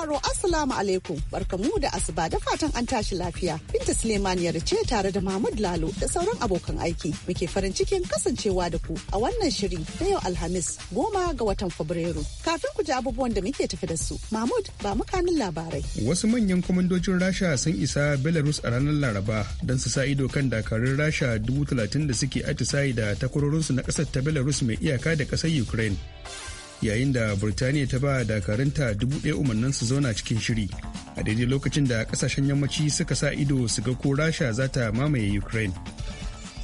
sauraro Assalamu alaikum barkamu da asuba da fatan an tashi lafiya. Binta Suleiman ce tare da Mahmud Lalo da sauran abokan aiki muke farin cikin kasancewa da ku a wannan shiri na yau Alhamis goma ga watan Fabrairu. Kafin ku ji abubuwan da muke tafi da su, Mahmud ba makanin labarai. Wasu manyan kwamandojin Rasha sun isa Belarus a ranar Laraba don su sa ido kan dakarun Rasha dubu talatin da suke atisayi da takwarorinsu na ƙasar ta Belarus mai iyaka da ƙasar Ukraine. yayin da burtaniya ta ba dakarunta dubu ɗaya umarnin su zauna cikin shiri a daidai lokacin da kasashen yammaci suka sa ido su ga ko rasha za ta mamaye ukraine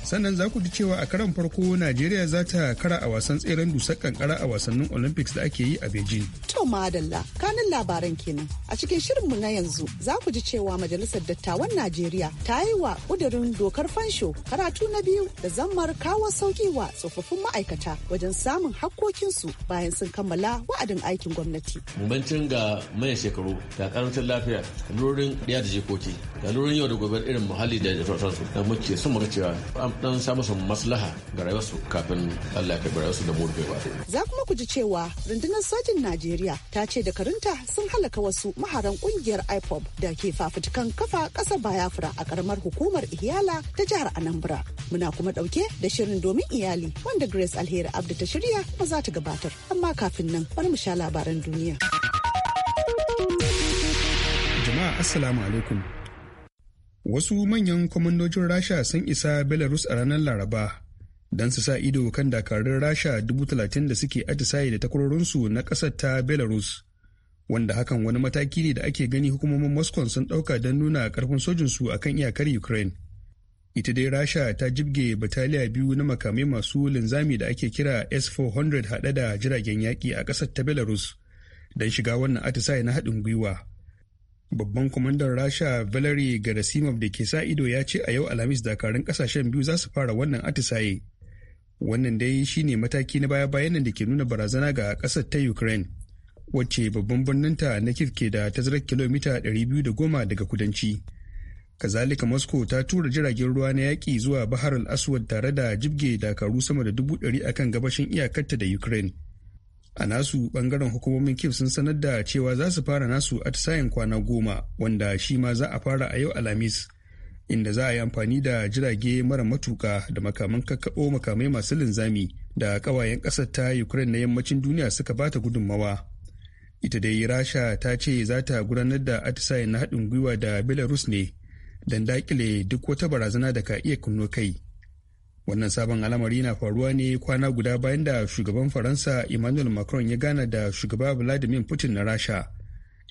sannan za ku ji cewa a karan farko najeriya za ta kara a wasan tseren dusar kankara a wasannin olympics da ake yi a beijing madalla kanin labaran kenan. A cikin shirinmu na yanzu za ku ji cewa Majalisar Dattawan Najeriya ta yi wa ƙudurin dokar fansho karatu na biyu da zammar kawo sauki wa tsofaffin ma'aikata wajen samun hakkokinsu bayan sun kammala wa'adin aikin gwamnati. Bambancin ga manyan shekaru ga karantar lafiya lurin ɗaya da jikoki ga lurin yau da gobe irin muhalli da sauransu da muke sun muka cewa an dan samu su maslaha ga rayuwarsu kafin Allah ya kai rayuwarsu da mu ba. Za kuma ku ji cewa rundunar sojin Najeriya ta ce da dakarunta sun halaka wasu maharan kungiyar IPOB da ke fafutukan kafa ƙasar Bayafra a ƙaramar hukumar Iyala ta jihar Anambra. Muna kuma ɗauke da shirin domin iyali wanda Grace Alheri Abdu ta shirya kuma za ta gabatar. Amma kafin nan wani mu sha labaran duniya. Jama'a Assalamu alaikum. Wasu manyan kwamandojin Rasha sun isa Belarus a ranar Laraba don su sa ido kan dakarun rasha dubu talatin da suke atisaye da takwarorinsu na ƙasar ta belarus wanda hakan wani mataki ne da ake gani hukumomin moscow sun ɗauka don nuna ƙarfin sojinsu a kan iyakar ukraine ita dai rasha ta jibge bataliya biyu na makamai masu linzami da ake kira s-400 haɗe da jiragen yaƙi a ƙasar ta belarus don shiga wannan atisaye na haɗin gwiwa babban kwamandan rasha valery gerasimov da ke sa ido ya ce a yau alhamis dakarun ƙasashen biyu za su fara wannan atisaye wannan dai shine mataki na baya bayanan da ke nuna barazana ga ƙasar ta ukraine wacce babban birninta na kif ke da tazarar kilomita 210 daga kudanci kazalika moscow ta tura jiragen ruwa na yaƙi zuwa bahar al-aswad tare da jibge dakaru sama da dubu ɗari kan gabashin iyakarta da ukraine a nasu bangaren hukumomin kif sun sanar da cewa za su fara nasu atisayen kwana goma wanda shi ma za a fara a yau alhamis inda za a yi amfani da jirage mara matuka da makaman kakkaɓo makamai masu linzami da ƙawayen ƙasar ta ukraine na yammacin duniya suka ba ta gudunmawa ita dai rasha ta ce za ta gudanar da atisayen na haɗin gwiwa da belarus ne don daƙile duk wata barazana da ka iya kunno kai wannan sabon al'amari na faruwa ne kwana guda bayan da shugaban faransa emmanuel macron ya gana da shugaba vladimir putin na rasha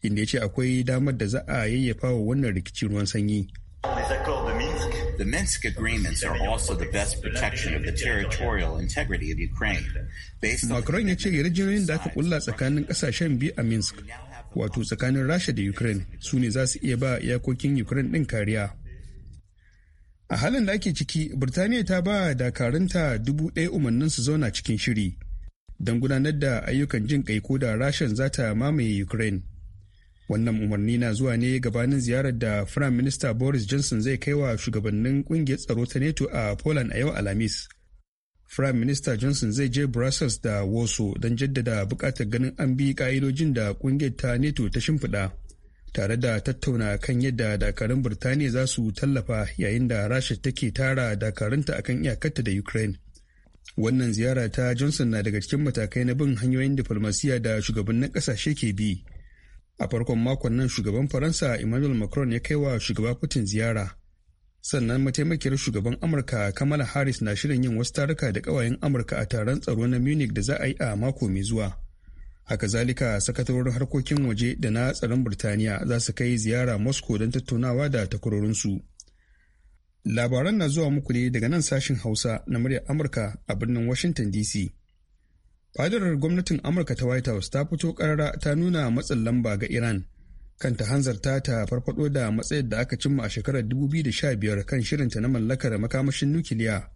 inda ya ce akwai damar da za a yayyafa wa wannan rikicin ruwan sanyi The Minsk agreements are also the best protection of the territorial integrity of Ukraine. Macron ya ce yarjejeniyoyin da aka kulla tsakanin kasashen biyu a Minsk, wato tsakanin Rasha da Ukraine, su ne za su iya ba iyakokin Ukraine ɗin kariya. A halin da ake ciki, Birtaniya ta ba dakarunta dubu ɗaya umarnin su zauna cikin shiri don gudanar da ayyukan jin kai ko da Rashan za ta mamaye Ukraine. Wannan umarni na zuwa ne gabanin ziyarar da Firayim Minista Boris Johnson zai kai wa shugabannin kungiyar tsaro ta NATO a Poland a yau Alhamis. Firayim Minista Johnson zai je Brussels da woso don jaddada bukatar ganin an bi ka'idojin da kungiyar ta neto ta shimfiɗa, tare da tattauna kan yadda dakarun Birtaniya za su tallafa yayin da Rasha take tara dakarunta akan iyakarta da Ukraine. Wannan ziyara ta Johnson na daga cikin matakai na bin hanyoyin diflomasiya da shugabannin ƙasashe ke bi. a farkon makon nan shugaban faransa emmanuel macron ya kai wa shugaba putin ziyara sannan mataimakiyar shugaban amurka kamala harris na shirin yin wasu taruka da kawayen amurka a taron tsaro na munich da za a yi a mako mai zuwa haka zalika sakatarorin harkokin waje da na tsaron birtaniya za su kai ziyara moscow don tattaunawa da takwarorinsu labaran na zuwa muku ne daga nan sashin hausa na muryar amurka a birnin washington dc fadarar gwamnatin amurka ta white house ta fito karara ta nuna matsin lamba ga iran kan ta hanzarta ta farfado da matsayar da aka cimma a shekarar 2015 kan shirinta na mallakar makamashin nukiliya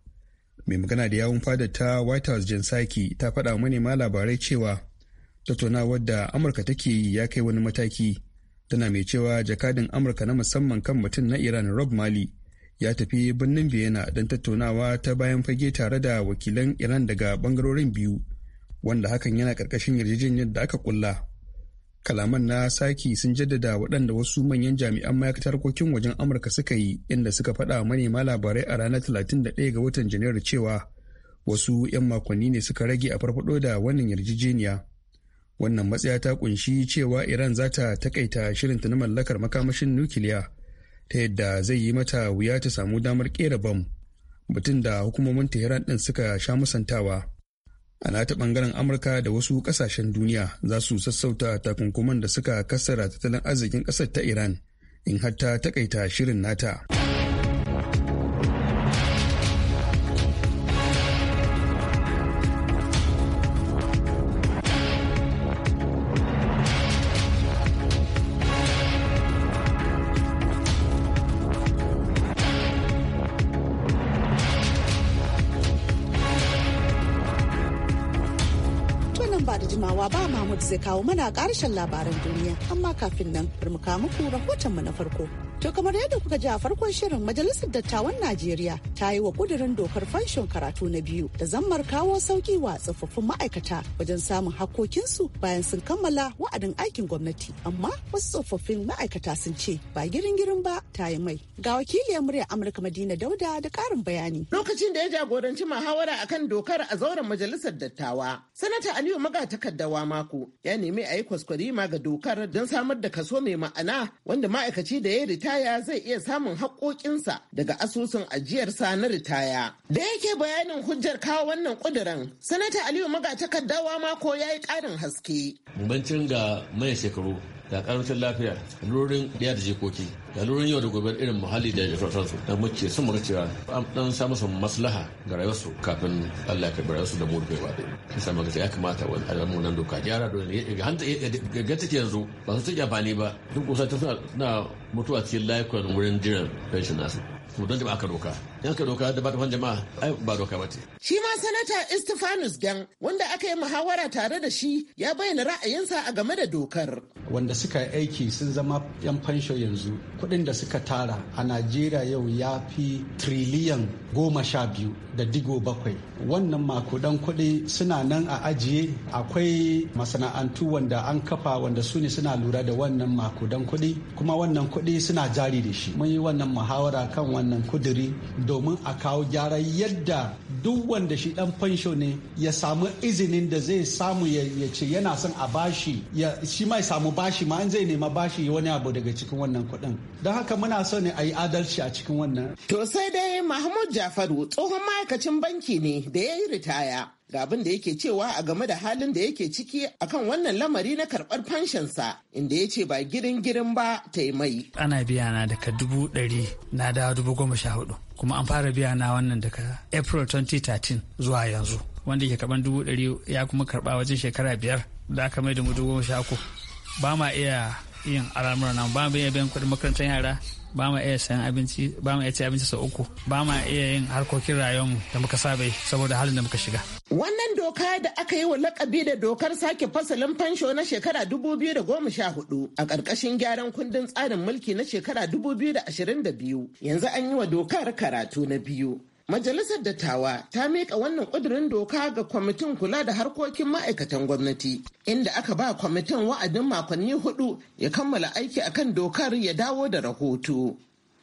mai magana da yawun fadar ta white house jin saki ta faɗa manema labarai cewa tattaunawar da amurka take yi ya kai wani mataki tana mai cewa jakadin amurka na musamman kan mutum na iran rob mali ya tafi birnin vienna don tattaunawa ta bayan fage tare da wakilan iran daga bangarorin biyu wanda hakan yana karkashin yarjejeniyar da aka kulla. Kalaman na saki sun jaddada waɗanda wasu manyan jami'an ma'aikatar harkokin wajen Amurka suka yi inda suka faɗa manema labarai a ranar 31 ga watan Janairu cewa wasu 'yan makonni ne suka rage a farfaɗo da wannan yarjejeniya. Wannan matsaya ta kunshi cewa Iran za ta takaita shirinta na mallakar makamashin nukiliya ta yadda zai yi mata wuya ta samu damar ƙera bam. Batun da hukumomin Tehran ɗin suka sha musantawa. a nata bangaren amurka da wasu kasashen duniya za su sassauta takunkuman da suka kassara tattalin arzikin ƙasar ta iran in hatta takaita shirin nata. kawo mana ƙarshen labaran duniya amma kafin nan bari mu kawo muku mu na farko. To kamar yadda kuka ji a farkon shirin Majalisar Dattawan Najeriya ta yi wa kudirin dokar fanshon karatu na biyu da zammar kawo sauki wa tsofaffin ma'aikata wajen samun hakkokinsu bayan sun kammala wa'adin aikin gwamnati. Amma wasu tsofaffin ma'aikata sun ce ba girin girin ba ta yi mai. Ga wakili ya muryar Amurka Madina Dauda da ƙarin bayani. Lokacin da ya jagoranci muhawara akan dokar a zauren Majalisar Dattawa, Sanata Aliyu Maga takardawa mako ya nemi a yi ma ga dokar don samar da kaso mai ma'ana wanda ma'aikaci da ya rita ritaya zai iya samun haƙoƙinsa daga asusun ajiyarsa na ritaya. Da yake bayanin hujjar kawo wannan ƙuduran, Sanata Aliyu Magatakaddawa mako ya yi ƙarin haske. Bancin ga maye shekaru ga karancin lafiya lurin ɗaya da jikoki da lurin yau da gobe irin muhalli da su da muke sun muka cewa an dan samu su maslaha ga rayuwarsu kafin Allah ya bar su da mu bai ba dai sai ya kamata wani alamu nan doka gyara don ga hanta ga take yanzu ba su take amfani ba duk kusa ta suna mutuwa cikin layukan wurin jiran pension nasu to don jama'a ka doka yan ka doka da ban jama'a ai ba doka ba ce shi ma sanata Istifanus gang wanda aka yi muhawara tare da shi ya bayyana ra'ayinsa a game da dokar wanda suka yi aiki sun zama yan fansho yanzu kuɗin da suka tara a Najeriya yau ya fi triliyan goma sha biyu da digo bakwai wannan makudan kuɗi suna nan a ajiye akwai masana'antu wanda an kafa wanda su ne suna lura da wannan makudan kuɗi kuma wannan kuɗi suna jari da shi mun yi wannan muhawara kan wannan wannan kuduri domin a kawo gyara yadda duk wanda shi dan fansho ne ya samu izinin da zai samu ya ce yana son a bashi ya shi mai samu bashi ma an zai nema bashi wani abu daga cikin wannan kuɗin don haka muna so ne a yi adalci a cikin wannan to sai dai mahmud jafaru tsohon ma'aikacin banki ne da ya yi ritaya ga abin da yake cewa a game da halin da yake ciki akan wannan lamari na karɓar fanshansa inda ya ce ba girin girin ba ta yi mai. Ana biya na daga dubu ɗari na da dubu goma sha hudu kuma an fara biya na wannan daga April 2013 zuwa yanzu wanda ke karban dubu ɗari ya kuma karba wajen shekara biyar da aka mai da mu dubu goma sha uku ba ma iya yin al'amuran nan ba mu iya biyan kuɗin makarantar yara ba mu iya sayan abinci ba mu iya ci abinci sau uku ba mu iya yin harkokin rayuwarmu da muka saba saboda halin da muka shiga. Wannan doka da aka yi wa lakabi da dokar sake fasalin fansho na shekara sha hudu, a ƙarƙashin gyaran kundin tsarin mulki na shekara da 2022 yanzu an yi wa dokar karatu na biyu. Majalisar Dattawa ta miƙa wannan ƙudurin doka ga kwamitin kula da harkokin ma'aikatan gwamnati, inda aka ba kwamitin wa'adin makonni hudu ya kammala aiki akan dokar ya dawo da rahoto.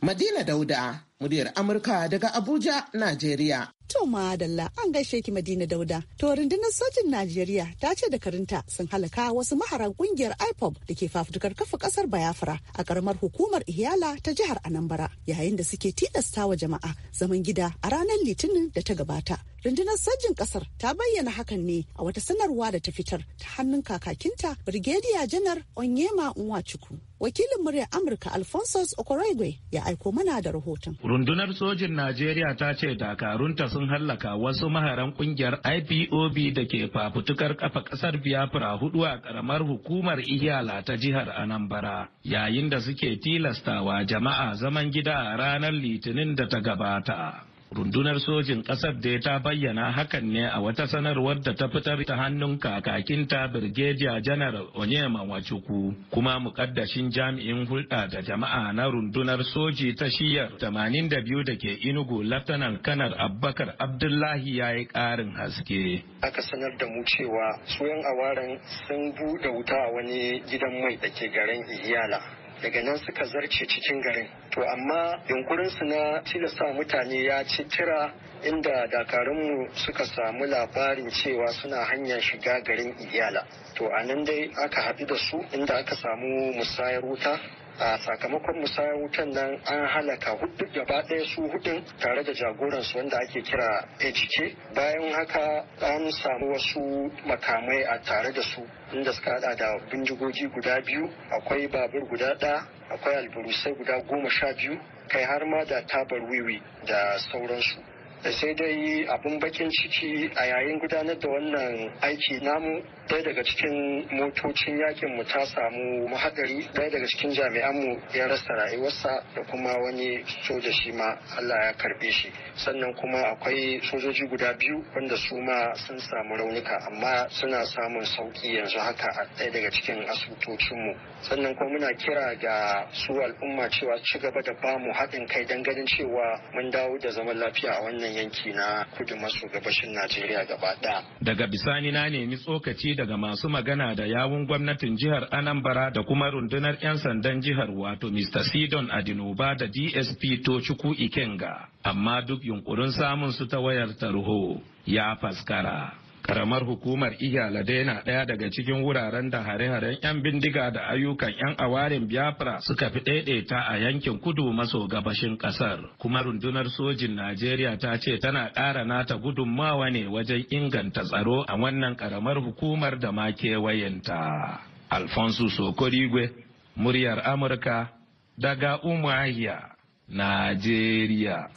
Madina Dauda, muryar Amurka daga Abuja, Najeriya. To Madalla an gaishe ki Madina Dauda. To rundunar sojin Najeriya ta ce da karinta sun halaka wasu maharan kungiyar IPOB da ke fafutukar kafa kasar Bayafra a karamar hukumar ihiyala ta jihar Anambra yayin da suke wa jama'a zaman gida a ranar Litinin da ta gabata. Rundunar sojin kasar ta bayyana hakan ne a wata sanarwa da ta fitar ta hannun kakakinta Brigadier Janar Onyema Nwachukwu. Wakilin muryar Amurka Alphonsus Okorigwe ya aiko mana da rahoton. Rundunar sojin Najeriya ta ce dakarunta sun hallaka wasu maharan kungiyar IPOB da ke fafutukar kafa kasar Biafra hudu a karamar hukumar Iyala ta jihar Anambra yayin da suke tilastawa jama'a zaman gida a ranar Litinin da ta gabata. rundunar sojin ƙasar da ta bayyana hakan ne a wata sanarwar da ta fitar ta hannun kakakinta birgejiya Janaral onyema wachuku kuma mukaddashin jami'in hulɗa da jama'a na rundunar soji ta shiyar 82 da ke inugu laftanan kanar abbakar abdullahi ya yi ƙarin haske aka sanar da mu cewa su sun buɗe wuta a wani gidan mai da ke garin iyala daga nan suka zarce cikin garin to amma yunkurinsu na tilasta mutane ya ci tira inda dakarunmu suka samu labarin cewa suna hanyar shiga garin iyala to a nan dai aka haɗu da su inda aka samu musayar wuta a sakamakon musayar wutan nan an halaka hudu gaba ɗaya su hudun tare da jagoransu wanda ake kira ejike bayan haka an samu wasu makamai a tare da su inda suka hada da bindigogi guda biyu akwai babur guda ɗaya akwai alburusai guda goma sha biyu kai har ma da tabar wiwi da sauransu sai dai abin bakin ciki a yayin gudanar da wannan aiki namu daya daga cikin motocin yakin mu ta samu mahadari daya daga cikin jami'anmu ya rasa rayuwarsa da kuma wani soja shi ma Allah ya karbe shi sannan kuma akwai sojoji guda biyu wanda su ma sun samu raunuka amma suna samun sauki yanzu haka a ɗaya daga cikin asibitocin mu sannan kuma muna kira ga su al'umma cewa ci gaba da bamu haɗin kai don ganin cewa mun dawo da zaman lafiya a wannan yanki na kudu maso gabashin Najeriya gaba ɗaya. Daga bisani na nemi tsokaci daga masu magana da yawun gwamnatin jihar Anambra da kuma rundunar 'yan sandan jihar wato Mr. Sidon Adinoba da DSP Tochukwu Ikenga, amma duk yunkurin samun su ta wayar tarho ya faskara. Karamar hukumar Iyaladai na ɗaya daga cikin wuraren da hare-haren 'yan bindiga da ayyukan 'yan awarin Biafra suka fi ɗaiɗaita a yankin kudu maso gabashin ƙasar. Kuma rundunar sojin Najeriya ta ce tana ƙara nata gudunmawa ne wajen inganta tsaro a wannan karamar hukumar da ma kewayenta. Alfonso Sokorigwe, muryar Amurka, daga Umuahia, Najeriya.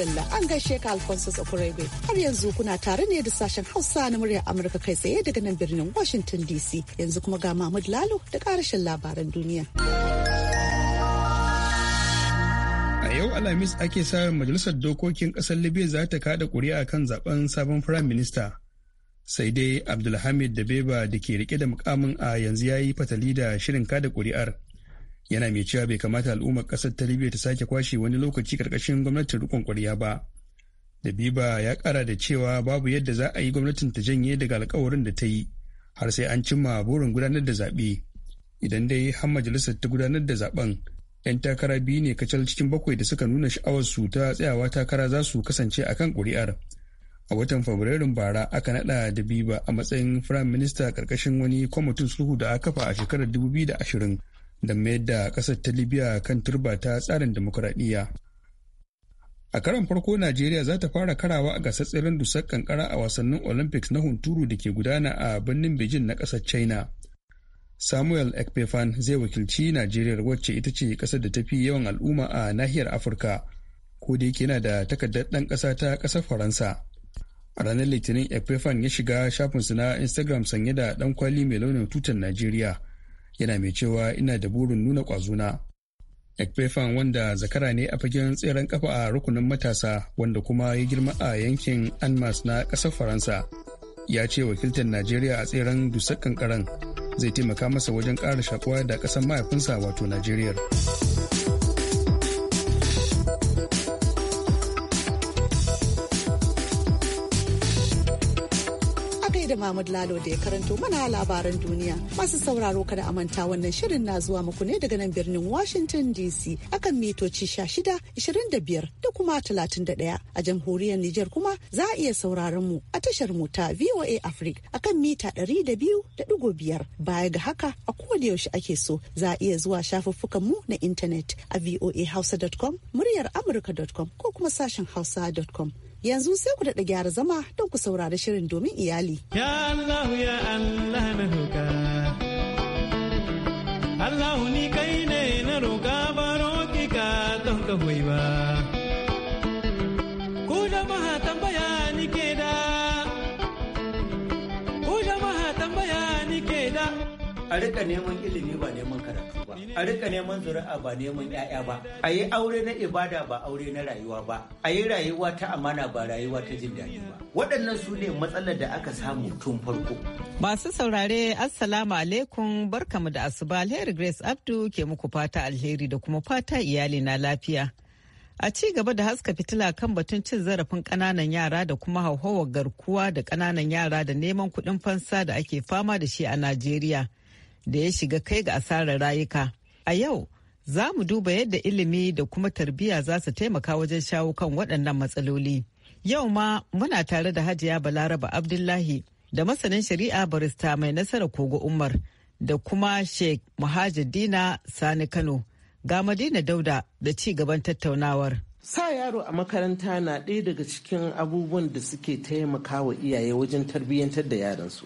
madalla an gaishe ka alfonso Okurebe. Har yanzu kuna tare ne da sashen Hausa na muryar Amurka kai tsaye daga nan birnin Washington DC. Yanzu kuma ga Mahmud Lalo da karashin labaran duniya. A yau Alhamis ake sa majalisar dokokin ƙasar Libya za ta kada ƙuri'a kan zaben sabon firayim minista. Sai dai Abdulhamid da Beba da ke rike da mukamin a yanzu ya yi fatali da shirin kada ƙuri'ar. yana mai cewa bai kamata al'ummar ƙasar ta libya ta sake kwashe wani lokaci karkashin gwamnatin riƙon ƙwarya ba da biba ya kara da cewa babu yadda za a yi gwamnatin ta janye daga alkawarin da ta yi har sai an cimma burin gudanar da zaɓe idan dai har majalisar ta gudanar da zaɓen 'yan takara biyu ne kacal cikin bakwai da suka nuna sha'awar su ta tsayawa takara za su kasance a kan ƙuri'ar a watan fabrairun bara aka naɗa da biba a matsayin firayim minista ƙarƙashin wani kwamitin sulhu da aka kafa a shekarar 2020 da mayar da ƙasar ta libya kan turba ta tsarin demokuraɗiyya a karan farko najeriya za ta fara karawa a gasar tseren dusar kankara a wasannin olympics na hunturu da ke gudana a birnin beijing na ƙasar china samuel ekpefan zai wakilci najeriya wacce ita ce ƙasar da ta fi yawan al'umma a nahiyar afirka ko da yake yana da takardar ɗan ƙasa ta ƙasar faransa a ranar litinin ekpefan ya shiga shafinsu na instagram sanye da ɗan kwali mai launin tutar najeriya yana mai cewa ina da burin nuna kwazuna Ekpefan wanda zakara ne a fagen tseren kafa a rukunin matasa wanda kuma ya girma a yankin Anmas na ƙasar Faransa ya ce wakiltar Najeriya a tseren dusar kankaran zai taimaka masa wajen ƙara shakuwa da ƙasar mahaifinsa wato Najeriya. da Mahmud Lalo da ya karanto mana labaran duniya. Masu sauraro kada a manta wannan shirin na zuwa muku ne daga nan birnin Washington DC akan mitoci 16, 25 da kuma talatin da 31 a jamhuriyar Nijar kuma za a iya sauraron mu a tashar mu ta VOA Africa akan mita ɗari da da biyu 200.5 baya ga haka a koda yaushe ake so za a iya zuwa shafuffukan mu na intanet a voahausa.com muryar amurka.com ko kuma sashen hausa.com Yanzu sai ku daɗa gyara zama don ku saurari shirin domin iyali. Ya Allah ya Allah na roƙa. Allah ni kai ne na roƙa ba roƙi ka don ka ba. Ku ma tambaya ni ke da a rika neman ilimi ba neman karatu ba a rika neman zuri'a ba neman 'ya'ya ba a yi aure na ibada ba aure na rayuwa ba a yi rayuwa ta amana ba rayuwa ta jin daɗi ba waɗannan su ne matsalar da aka samu tun farko masu saurare assalamu alaikum barkamu da asuba alheri grace abdu ke muku fata alheri da kuma fata iyali na lafiya a ci gaba da haska fitila kan batun cin zarafin kananan yara da kuma hauhawar garkuwa da kananan yara da neman kuɗin fansa da ake fama da shi a najeriya da ya shiga kai ga asarar rayuka. A yau, za mu duba yadda ilimi da kuma tarbiyya za su taimaka wajen shawo kan waɗannan matsaloli. Yau ma muna tare da Hajiya Balaraba Abdullahi da masanin shari'a barista mai nasara Kogo Umar da kuma Sheikh Muhajjadina Sani Kano ga Madina Dauda da ci gaban tattaunawar. Sa yaro a makaranta na ɗaya daga cikin abubuwan da suke taimaka wa iyaye wajen tarbiyyantar da yaransu.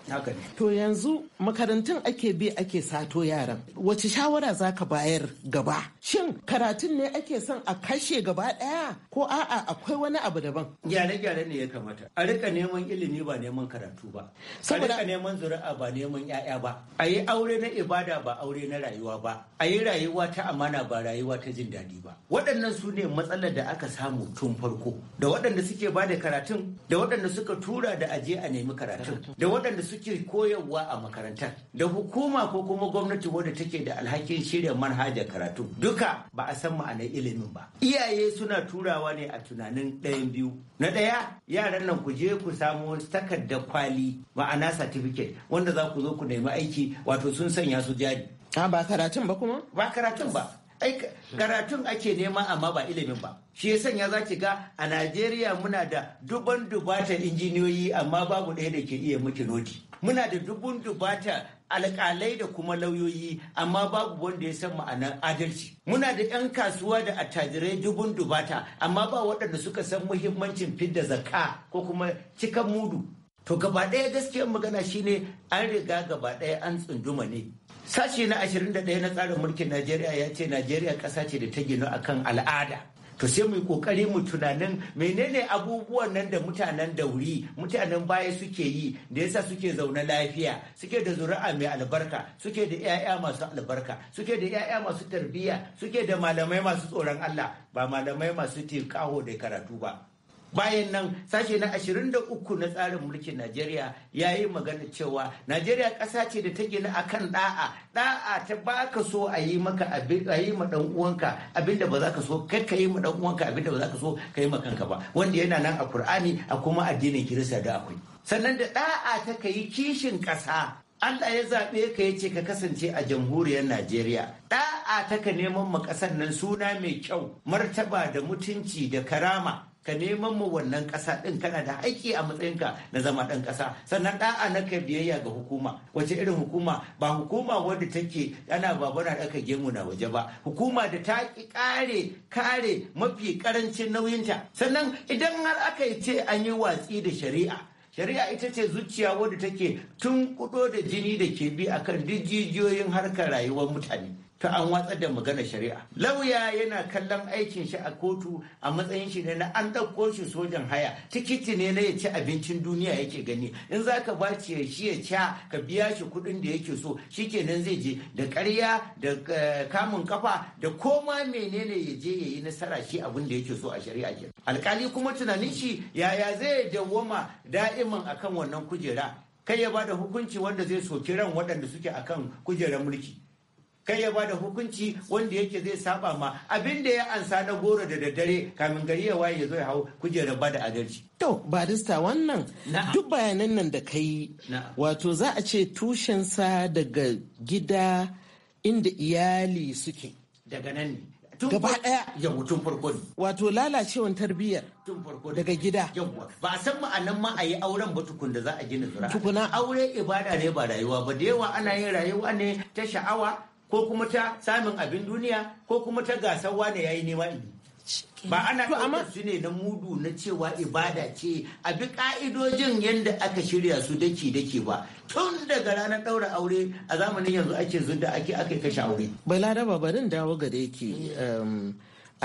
To yanzu makarantun ake bi ake sato yaran. Wace shawara za ka bayar gaba? Shin karatun ne ake son a kashe gaba ɗaya ko a'a akwai wani abu daban? Gyare-gyare ne ya kamata. A rika neman ilimi ba neman karatu ba. A rika neman zuri'a ba neman 'ya'ya ba. A yi aure na ibada ba aure na rayuwa ba. A yi rayuwa ta amana ba rayuwa ta jin daɗi ba. Waɗannan su ne matsalar da da aka samu tun farko da waɗanda suke ba da karatun da waɗanda suka tura da aje a nemi karatun da waɗanda suke koyarwa a makarantar da hukuma ko kuma gwamnati wadda take da alhakin shirya manhajar karatu duka ba a san ma'anar ilimin ba iyaye suna turawa ne a tunanin ɗayan biyu na ɗaya yaran nan ku je ku samo takardar kwali ma'ana certificate wanda za ku zo ku nemi aiki wato sun sanya su jari ah, ba karatun ba kuma ba karatun ba karatun ake nema amma ba ilimin ba shi ya sanya za ki ga a najeriya muna da duban dubata injiniyoyi amma babu ɗaya da ke iya miki noti muna da dubun dubata alƙalai da kuma lauyoyi amma babu wanda ya san ma'anar adalci muna da 'yan kasuwa da attajirai dubun dubata amma ba waɗanda suka san muhimmancin fidda zakka ko kuma cikan mudu to gaba ɗaya gaskiyar magana shine an riga gaba ɗaya an tsunduma ne Sashi na 21 na tsarin mulkin Najeriya ya ce Najeriya ƙasa ce da ta ginu akan al'ada. To sai mu yi ƙoƙari mu tunanin menene abubuwan nan da mutanen da dauri, mutanen baya suke yi da yasa suke zaune lafiya, suke da zuri'a mai albarka, suke da 'ya'ya masu albarka, suke da 'ya'ya masu tarbiyya, suke da malamai masu tsoron Allah, ba malamai masu tinkaho da karatu ba. bayan nan sashe na 23 na tsarin mulkin najeriya ya yi magana cewa najeriya ƙasa ce da ta gina akan da'a da'a ta baka so a yi maka a yi ma dan uwanka da ba za ka so kai ka yi ma dan uwanka da ba za ka so ka yi ma kanka ba wanda yana nan a Kur'ani a kuma addinin kirista da akwai sannan da da'a ta ka kishin ƙasa Allah ya zaɓe ka ya ce ka kasance a jamhuriyar Najeriya. Ɗa'a ta ka neman ma ƙasar nan suna mai kyau, martaba da mutunci da karama. ka neman mu wannan ƙasa ɗin kana da aiki a matsayinka na zama ɗan ƙasa sannan ɗa'a na ka biyayya ga hukuma wace irin hukuma ba hukuma wadda take ana babana da aka gemu na waje ba hukuma da ta ki kare kare mafi ƙarancin nauyinta sannan idan har aka ce an yi watsi da shari'a shari'a ita ce zuciya wadda take tun kudo da jini da ke bi akan dijijiyoyin harkar rayuwar mutane ta an watsar da magana shari'a lauya yana kallon aikin shi a kotu a matsayin shi ne na an ɗauko shi sojan haya tikiti ne na ya ci abincin duniya yake gani in za ka ba ci shi ya ca ka biya shi kuɗin da yake so shi shikenan zai je da ƙarya da eh, kamun kafa da koma menene ya je ya yi nasara shi abin da yake so a shari'a ke alkali kuma tunanin shi yaya zai dawwama da'iman akan wannan kujera kai ya ba da hukunci wanda zai soki ran waɗanda suke akan kujerar mulki kai ya bada hukunci wanda yake zai saba ma abin da ya ansa na goro da daddare kamin gari ya waye ya zo ya hau kujerar bada adalci. To barista wannan duk bayanan nan da kai wato za a ce tushensa daga gida inda iyali suke. Daga nan ne. gaba daya yawa tun farko ne wato lalacewan tarbiyyar daga gida ba a san ma'anan ma a yi auren ba tukun da za a gina zura tukuna aure ibada ne ba rayuwa ba da yawa ana yin rayuwa ne ta sha'awa ko kuma ta samun abin duniya ko kuma ta gasar wane yayi nema ibi ba ana ɗaukar su ne na mudu na cewa ibada ce a bi ka'idojin yadda aka shirya su daki daki ba tun daga ranar ɗaura aure a zamanin yanzu ake zunda ake aka kashe aure. Balaraba, ba babarin dawo ga da yake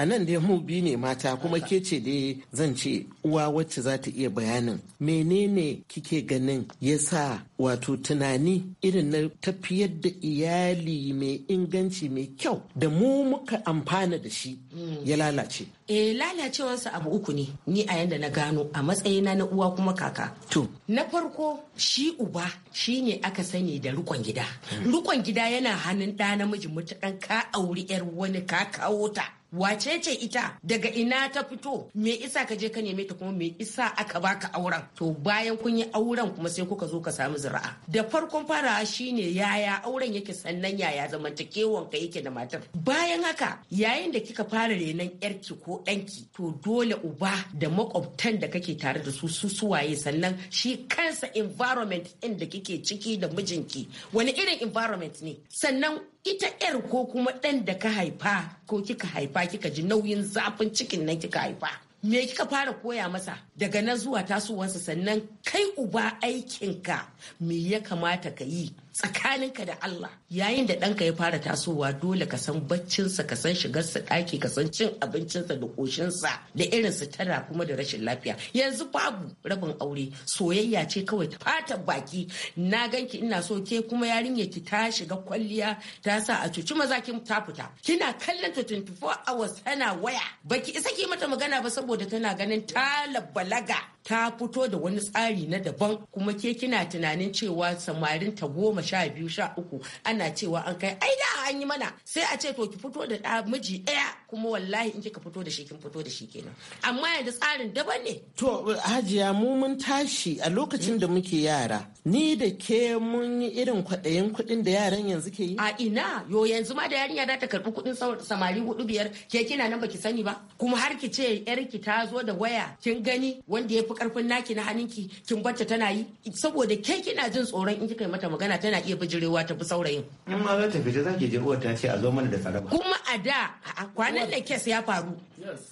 a nan dai mu biyu ne mata kuma ke ce dai zan ce uwa wacce za ta iya bayanin menene kike ganin ya sa wato tunani irin na tafiyar da iyali mai inganci mai kyau da mu muka amfana da shi mm. ya lalace eh lalacewarsa abu uku ne ni a yanda na gano a matsayina na uwa kuma kaka to na farko shi uba shi ne aka sani da Rukon gida mm. Rukon gida yana hannun ɗa namiji mutukan ka auri yar wani ka kawo ta wace ce ita daga ina ta fito me isa ka je ka neme ta kuma me isa aka baka auren to bayan kun yi auren kuma sai kuka zo ka samu zira'a da farkon fara shine yaya auren yake sannan yaya zamantakewan ka yake da matar bayan haka yayin da kika fara renon yarki ko ɗanki to dole uba da makwabtan da kake tare da su su suwaye sannan shi kansa environment ɗin da kike ciki da mijinki wani irin environment ne sannan ita yar ko kuma ɗan da ka haifa ko kika haifa kika ji nauyin zafin cikin nan kika haifa me kika fara koya masa daga nan zuwa tasowarsa sannan kai uba aikinka me ya kamata ka yi tsakaninka da Allah yayin da ɗanka ya fara tasowa dole ka san baccinsa ka san shigarsa ɗaki ka san cin abincinsa da koshinsa da irin tara kuma da rashin lafiya yanzu babu rabin aure soyayya ce kawai fata baki na ganki ina so ke kuma yarinya ki ta shiga kwalliya ta sa a cuci maza ki ta fita kina kallon ta 24 hours tana waya baki isa ki mata magana ba saboda tana ganin ta labbalaga ta fito da wani tsari na daban kuma ke kina tunanin cewa samarin ta goma sha biyu sha uku ana cewa an kai ai da an yi mana sai a ce to ki fito da miji ɗaya kuma wallahi in kika fito da shi kin fito da shi kenan amma yanzu tsarin daban ne to hajiya mu mun tashi a lokacin da muke yara ni da ke mun yi irin kwaɗayin kuɗin da yaran yanzu ke yi a ina yo yanzu ma da yarinya za ta karɓi kuɗin samari hudu biyar ke kina nan baki sani ba kuma har ki ce yarki ta zo da waya kin gani wanda ya fi karfin naki na hannunki kin bacce tana yi saboda ke kina jin tsoron in kika yi mata magana tana iya bijirewa ta bi saurayin in ma za ta fita za ki je uwar ta ce a zo mana da tsaraba kuma a da kwana abin da kes ya faru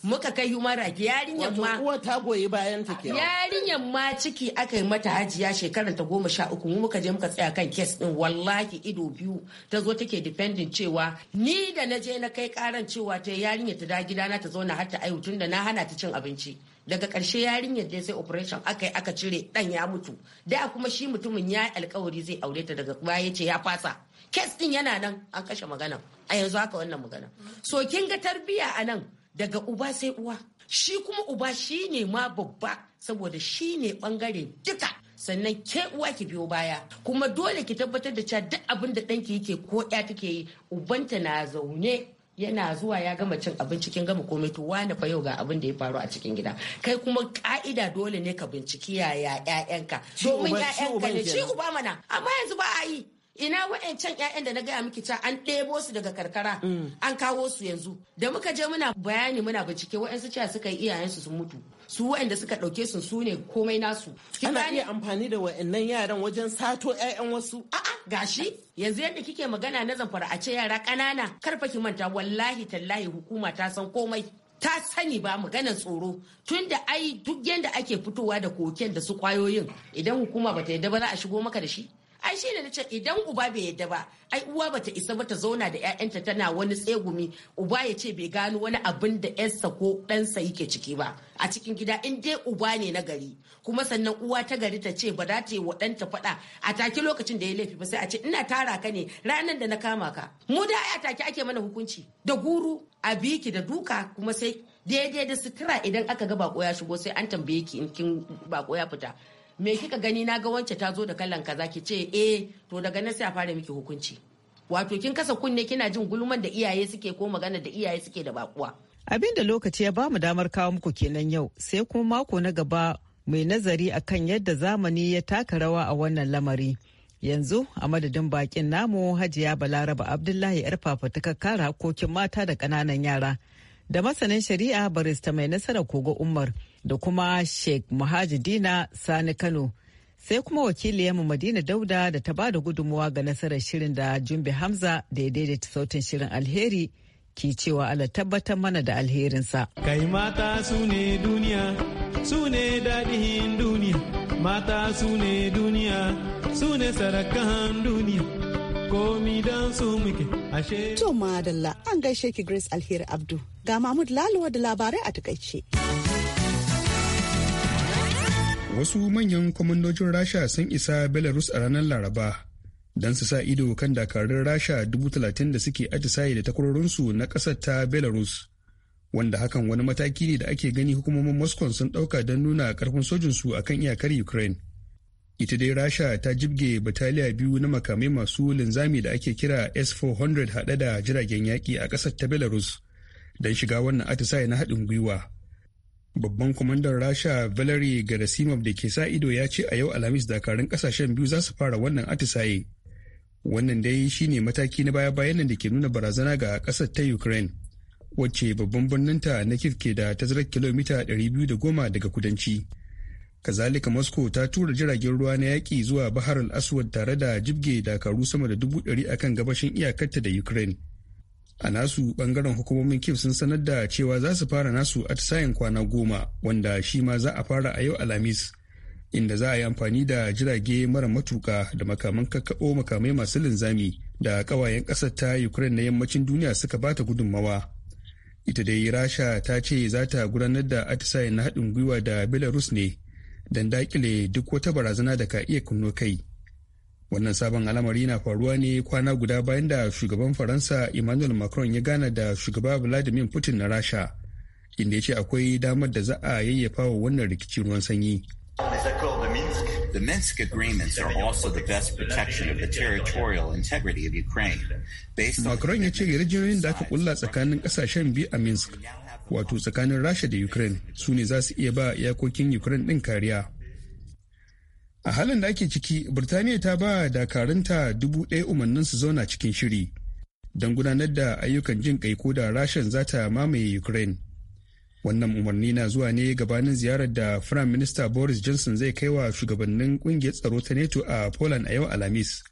muka kai human right yarinyar ma uwa ta goyi bayan ta kenan yarinyar ma ciki aka yi mata hajiya shekarar ta goma sha uku mu muka je muka tsaya kan kes din wallahi ido biyu ta zo take dependent cewa ni da na je na kai karan cewa ta yarinya ta da gidana ta zauna har ta aiwu tunda na hana ta cin abinci daga karshe yarinyar dai sai operation aka yi aka cire dan ya mutu da kuma shi mutumin ya yi alkawari zai aure ta daga baya ya ce ya fasa kes din yana nan an kashe magana a yanzu haka wannan magana so kin ga tarbiya a nan daga uba sai uwa shi kuma uba shi ne ma babba saboda shi ne bangare duka sannan ke uwa ki biyo baya kuma dole ki tabbatar da cewa duk abin da ɗanki yake ko ya take yi ubanta na zaune yana zuwa ya gama cin abinci kin gama komai to wani fa yau ga abin da ya faru a cikin gida kai kuma ka'ida dole ne ka binciki yaya ƴaƴanka domin ƴaƴanka ne ci uba mana amma yanzu ba a yi ina wa'ancan 'ya'yan da na gaya miki can an ɗebo su daga karkara mm. an kawo su yanzu da muka je muna bayani muna bincike wa'ansu cewa suka yi iyayensu sun mutu su wa'anda suka ɗauke su su ne komai nasu ana iya amfani da wa'annan yaran wajen sato 'ya'yan wasu a'a gashi yanzu yadda kike magana na zamfara a ce yara ƙanana karfa ki manta wallahi tallahi hukuma ta san komai ta sani ba maganar tsoro tun da ai duk yadda ake fitowa da koken da su kwayoyin idan hukuma bata yadda ba za a shigo maka da shi shi ne nace idan uba bai yadda ba ai uwa bata isa ba ta zauna da ƴaƴanta tana wani tsegumi uba ya ce bai gano wani abin da yarsa ko ɗansa yake ciki ba a cikin gida in dai uba ne na gari kuma sannan uwa ta gari ta ce ba za ta yi wa ɗanta faɗa a take lokacin da ya laifi ba sai a ce ina tara ka ne ranar da na kama ka mu da a take ake mana hukunci da guru a biki da duka kuma sai daidai da sutura idan aka ga bako ya shigo sai an tambaye ki in kin bako ya fita me kika gani na ga wance ta zo da kallon kaza ki ce eh to daga nan sai a fara miki hukunci wato kin kasa kunne kina jin gulman da iyaye suke ko magana da iyaye suke da bakuwa abin da lokaci ya bamu damar kawo muku kenan yau sai kuma mako na gaba mai nazari akan yadda zamani ya taka rawa a wannan lamari yanzu a madadin bakin namu hajiya balaraba abdullahi yar fafatakar kare hakokin mata da ƙananan yara da masanin shari'a barista mai nasara kogo umar da kuma sheikh muhajidina sani kano sai kuma wakiliyarmu madina dauda da ta bada gudunmuwa ga nasarar shirin da jumbe hamza da ya daidaita sautin shirin alheri ke cewa ala tabbatar mana da alherinsa kai mata su ne duniya su ne daɗin duniya mata su ne duniya su ne sarakan duniya komi muke To madalla an gaishe ki Grace Alheri Abdu ga Mahmud Laluwa da labarai a takaice. Wasu manyan kwamandojin Rasha sun isa Belarus a ranar Laraba don su sa ido kan dakarun Rasha dubu talatin da suke atisaye da takwarorinsu na ƙasar ta Belarus. Wanda hakan wani mataki ne da ake gani hukumomin Moscow sun ɗauka don nuna ƙarfin sojinsu a kan iyakar Ukraine. ita dai rasha ta jibge bataliya biyu na makamai masu linzami da ake kira s-400 hade da jiragen yaƙi a ƙasar ta belarus don shiga wannan atisaye na haɗin gwiwa babban kwamandan rasha valery gerasimov da ke sa ido ya ce a yau alhamis dakarun ƙasashen biyu za su fara wannan atisaye wannan dai shine mataki na baya-bayan da ke nuna barazana ga ƙasar ta ukraine wacce babban birninta na kif ke da tazarar kilomita 210 daga kudanci kazalika moscow ta tura jiragen ruwa na yaƙi zuwa bahar al-aswad tare da jibge dakaru sama da dubu ɗari akan gabashin iyakarta da ukraine a nasu bangaren hukumomin kiev sun sanar da cewa za su fara nasu atisayen kwana goma wanda shi ma za a fara a yau alhamis inda za a yi amfani da jirage mara matuka da makaman kakkaɓo makamai masu linzami da ƙawayen ƙasar ta ukraine na yammacin duniya suka bata gudunmawa ita dai rasha ta ce za ta gudanar da atisayen na haɗin gwiwa da belarus ne don dakile duk wata barazana da ka iya kunno kai wannan sabon al'amari na faruwa ne kwana guda bayan da shugaban faransa emmanuel macron ya gana da shugaba vladimir putin na rasha inda ya ce akwai damar da za a yayyafa wa wannan rikicin ruwan sanyi The Minsk agreements are also the best protection of the territorial integrity of Ukraine. Macron ya ce yarjejeniyoyin da aka kulla tsakanin kasashen biyu a Minsk wato tsakanin rasha da ukraine su ne za su iya ba iyakokin ukraine din kariya a halin da ake ciki birtaniya ta ba dakarunta dubu ɗaya umarnin su zauna cikin shiri don gudanar da ayyukan jin kai ko da rashin za ta mamaye ukraine wannan umarni na zuwa ne gabanin ziyarar da firayim minista boris johnson zai kai wa shugabannin kungiyar tsaro ta neto a poland a yau alhamis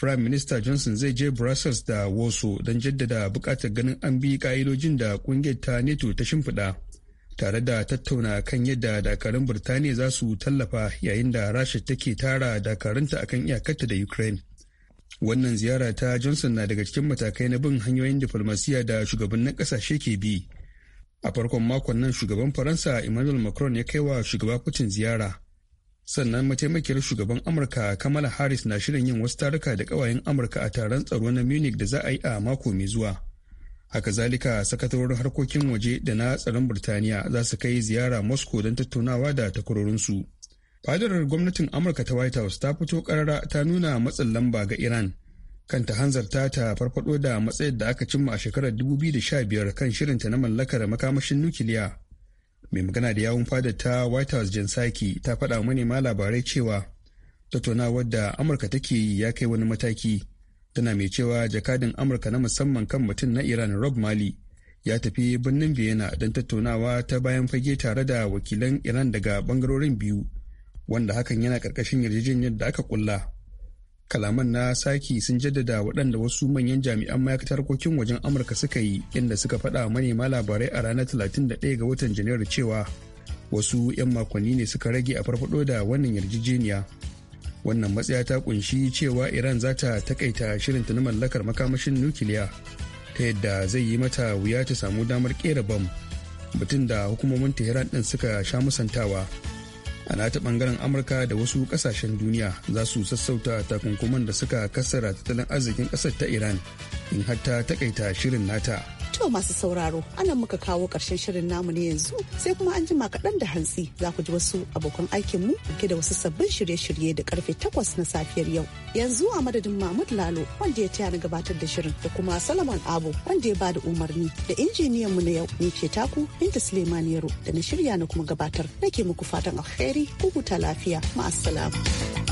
Prime Minister Johnson zai je Brussels da Woso don jaddada bukatar ganin an bi ka'idojin da kungiyar ta NATO ta shimfiɗa, tare da tattauna kan yadda dakarun Birtaniya za su tallafa yayin da Rasha take tara dakarunta akan iyakarta da Ukraine. Wannan ziyara ta Johnson na daga cikin matakai na bin hanyoyin diflomasiyya da shugabannin ƙasashe ke bi. A farkon makon nan shugaban Faransa Emmanuel Macron ya kai wa shugaba Putin ziyara. sannan mataimakiyar shugaban amurka kamala harris na shirin yin wasu taruka da kawayen amurka a taron tsaro na munich da za a yi a mako mai zuwa haka zalika sakatarorin harkokin waje da na tsaron birtaniya za su kai ziyara moscow don tattaunawa da takwarorinsu fadarar gwamnatin amurka ta white house ta fito karara ta nuna matsin lamba ga iran kan ta hanzarta ta farfado da matsayar da aka cimma a shekarar 2015 kan shirinta na mallakar makamashin nukiliya mai magana da yawun fada ta white house jen saki ta faɗa manema labarai cewa tattaunawar da amurka take yi ya kai wani mataki tana mai cewa jakadin amurka na musamman kan mutum na iran rob mali ya tafi birnin vienna don tattaunawa ta bayan fage tare da wakilan iran daga bangarorin biyu wanda hakan yana karkashin yarjejeniyar da aka kulla kalaman na saki sun jaddada waɗanda wasu manyan jami'an ma'aikatar harkokin wajen amurka suka yi inda suka faɗa manema labarai a ranar 31 ga watan janairu cewa wasu 'yan makonni ne suka rage a farfado da wannan yarjejeniya wannan matsaya ta kunshi cewa iran za ta takaita shirinta na mallakar makamashin nukiliya ta yadda zai yi mata wuya ta samu damar kera bam batun da hukumomin tehran din suka sha musantawa a nata bangaren amurka da wasu kasashen duniya za su sassauta takunkuman da suka kassara tattalin arzikin kasar ta iran in hatta takaita shirin nata To masu sauraro, anan muka kawo ƙarshen shirin namu ne yanzu sai kuma an jima kaɗan da hantsi za ku ji wasu abokan aikinmu ke da wasu sabbin shirye-shirye da karfe takwas na safiyar yau. Yanzu a madadin Mahmud Lalo wanda ya taya na gabatar da shirin da kuma Salomon Abu wanda ya ba da umarni da injiniyan mu na yau ni ce taku Binta Suleiman Yaro da na shirya na kuma gabatar nake muku fatan alheri ku huta lafiya ma'asalamu.